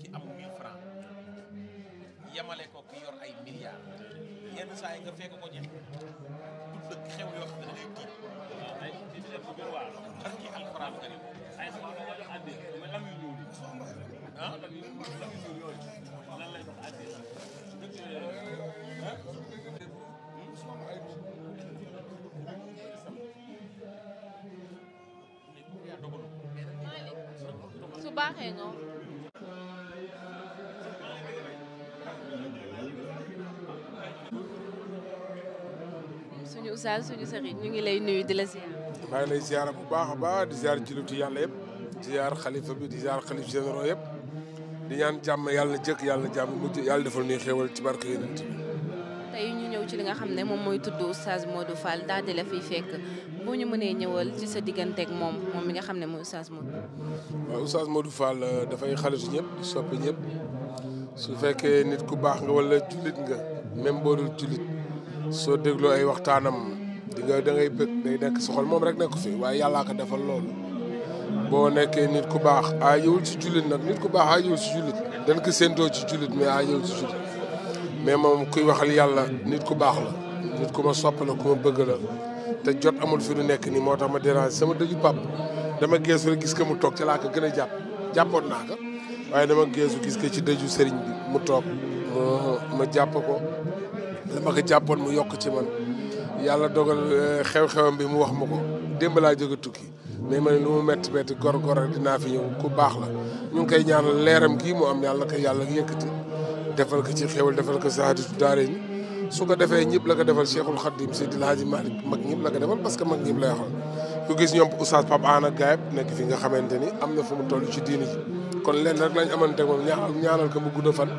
ci am 1000 francs yamale ko ku yor ay milliards yenn saa nga fekk ko ñex pour dëkk xew yoo xam ah? su baaxee nga Oustaz suñu sëriñ ñu ngi lay nuyu di la ziar. maa ngi lay ziar bu baax a di ziar jullitu yàlla yëpp di ziar xalifa bi di ziar xalif généraux yëpp di ñaan jàmm yàlla jëkk yàlla jàmm mujj yàlla defal ñuy xéewal ci barke yonent bi tey ñu ñëw ci li nga xam ne moom mooy tudd Oustaz Modou Fall daal di la fiy fekk ñu mënee ñëwal ci sa digganteeg moom moom mi nga xam ne mooy Oustaz Modou. waaw Oustaz Modou euh, dafay xalitu yëpp di soppi ñëpp su fekkee nit ku baax nga wala jullit nga même boo jullit soo déglu ay waxtaanam di nga da ngay bëgg day nekk si moom rek nekk fi waaye yàllaa ko defal loolu boo nekkee nit ku baax aajowul ci julit nag nit ku baax aajowul ci jullit dañ ko séentoo ci jullit mais aajowul ci jullit mais moom kuy waxal yàlla nit ku baax la nit ku ma sopp la ku ma bëgg la te jot amul fi nu nekk nii moo tax ma dérange sama dëju pap dama geesu rek gis ko mu toog ci laa ko gën a jàpp jàppoon naa ko waaye dama geesu gis ko ci dëju sëriñ bi mu toog ma jàpp ko dama ko jàppoon mu yokk ci man yàlla dogal eh, xew-xewam bi mu wax ma ko démb laa jóge tukki mais ma ne lu mu métti métti gor-gor rek dinaa fi ñëw ku baax la ñu ngi koy ñaanal leeram gii mu am yàlla ko yàlla yëkkati defal ko ci xewal defal ko saadatu daarayni su ko defee ñëpp la ko defal Cheikhul Khadim Seydi El Hadji Malick mag ñëpp la ko defal parce que mag ñëpp lay waxal ku gis ñoom Oustaz Pape Anna Gaye nekk fi nga xamante ni am na fu mu toll ci diini kon lenn rek lañ amante moom ñaanal ñaanal ko mu gudd fan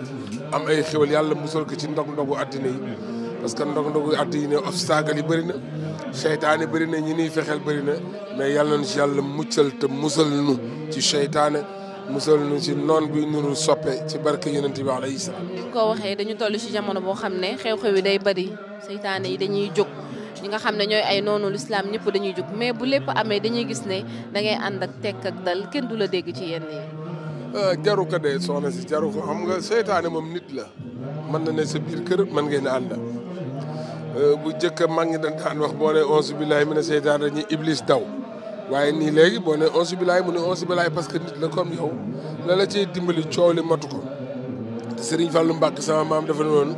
am ay xéwal yàlla musal ko ci ndog-ndogu àddina yi parce que ndog-ndogu àddina yi ne obstacle yi bëri na seytaane bëri na ñi niy fexeel bëri na mais yàlla na ci yàlla muccal te musal nu ci seytaane musal nu ci noon bi nuru soppe ci barke yonent bi alayhi salaam ni ko waxee dañu toll ci jamono boo xam ne xew-xew yi day bëri seytaane yi dañuy jóg ñi nga xam ne ñooy ay noonu lislaam ñëpp dañuy jóg mais bu lépp amee dañuy gis ne dangay ànd ak tekk ak du la dégg ci yenn Euh, jaru ko de soxna si jaru ko xam nga seytaane moom nit la mën na ne sa biir kër mën ngeen ànd euh, bu njëkk a mag ngi dañ daan wax boo ne onze billahi mu ne seytaan dañuy iblis daw waaye nii léegi boo ne onze billahi mu ne onze billahi parce que nit la comme yow la la cee dimbali coow li matu ko Serigne Fallou Mbacke sama maam dafa ne woon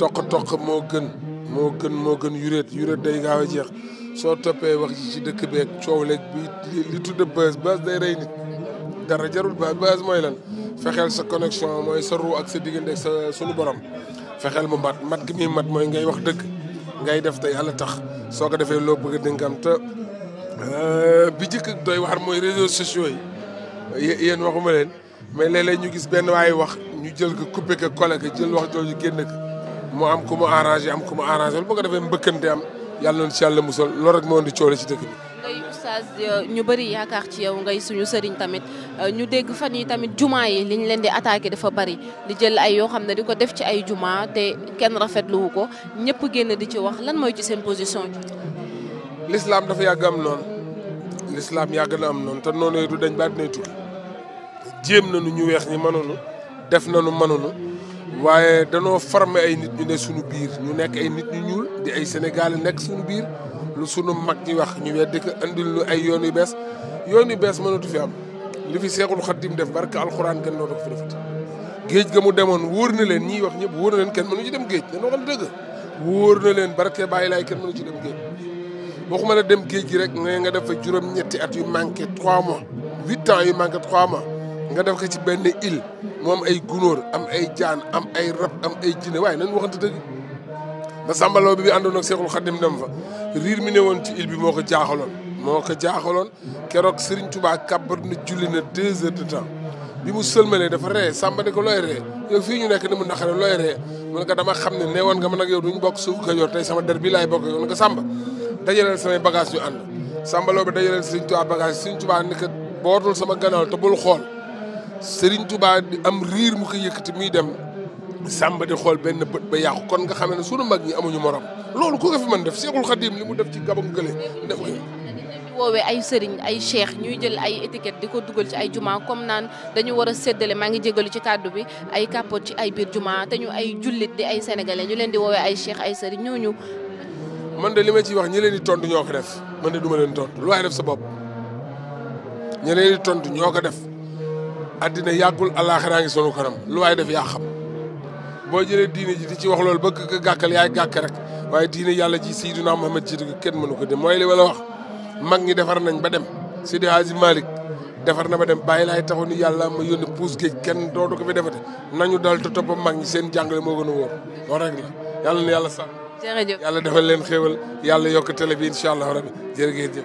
toq-toq moo gën moo gën moo gën yuréet yuréet day gaaw jeex soo toppee wax ji ci dëkk beeg coow leeg bi li tudd bës bës day rey nit dara jarul base base mooy lan fexeel sa connexion mooy sa ruu ak sa diggante sa sunu borom fexeel mu mat mat gi muy mat mooy ngay wax dëgg ngay def te yàlla tax soo ko defee loo bëgg di nga am te euh, bi jëkk doy waar mooy réseaux sociaux yi yéen waxuma leen mais léeg-léeg ñu gis benn waaye wax ñu jël ko coupé ko collé ko jël wax jooju génn ko mu am ku mu am ku mu arrangé lu boo ko defee mbëkkante am yàlla noonu si yàlla musal loolu rek moo di coole ci dëkk bi. Euh, ñu bëri yaakaar ci yow ngay suñu sëriñ tamit euh, ñu dégg fan yi tamit juma yi liñ leen di attaqué dafa bari di jël ay yoo xam ne di ko def ci ay juma te kenn rafetluwu ko ñëpp génn di ci wax lan mooy ci seen position ci l'islam dafa yàgg am noonu l'islam yàgg na am noonu te noonu du dañ baat nay tukki jéem nañu ñu weex ñi mënunu def nañu mënunu waaye danoo formé ay nit ñu ne suñu biir ñu nekk ay nit ñu ñuul di ay sénégalais nekk suñu biir lu sunu mag ñi wax ñu weddi ko andil lu ay yoon yu bees yoon yu bees mënatu fi am li fi seexul xaddim def barke alxuraan kenn dootu ko fi defati géej ga mu demoon wóor na leen ñiy wax ñëpp wóor na leen kenn mënu ci dem géej dañoo xam dëgg wóor na kee barke bàyyi laay kenn mënu ci dem géej waxuma la dem géej gi rek nga nga def fa juróom-ñetti at yu manqué 3 mois 8 ans yu manqué 3 mois nga def ko ci benn île moom ay gunóor am ay jaan am ay rab am ay jinne waaye nañ waxante dëgg ba Samba Laobé bi àndoon ak Seexul Xadim dem fa riir mi ne woon ci île bi moo ko jaaxaloon moo ko jaaxaloon keroog Serigne Touba kàbbar na julli na deux heures de temps bi mu sëlmalee dafa ree Samba ne ko looy ree yow fii ñu nekk ni mu naqare looy ree mu ne dama xam ne ne woon nga ma nag mu duñ bokk suuf ka tey sama der bi laay bokk yow ne ko dajaleel samay bagage ñu ànd Samba Laobé dajaleel Serigne Touba bagage Serigne Touba ne ko bootul sama gannaaw te bul xool Serigne Touba di am riir mu ko yëkkati dem sàmba di xool benn bët ba yàqu kon nga xamee ne sunu mag ñi amuñu morom loolu ku nga fi mën def Seexul Xadim li mu def ci gabam gële def ko woowee ay sëriñ ay cheikh ñuy jël ay étiquette di ko dugal ci ay juma comme naan dañu war a séddale maa ngi jégalu ci kàddu bi ay kàppoot ci ay biir juma te ñu ay jullit di ay sénégalais ñu leen di woowee ay cheikh ay sëriñ ñooñu. mën de li ma ciy wax ñi leen di tontu ñoo ko def man de du ma leen tontu lu waaye def sa bopp ñi leen di ñoo ko def yàggul àllaaxiraa ngi lu waaye def yaa boo jëlee diine ji di ci wax loolu ba ka gàkkal yaay gàkk rek waaye diine yàlla ji ma Muhammad ji kenn mënu ko dem mooy li wala wax mag ñi defar nañ ba dem Seydi Hadji Malick defar na ba dem bàyyi laay taxu ni yàlla ma yónni puus géej kenn dootu ko fi defate nañu dal te topp mag ñi seen jàngale moo gën a wóor loolu rek yàlla na yàlla sax jërëjëf yàlla defal leen xéewal yàlla yokk télé bi incha allah rabbi jërëjëf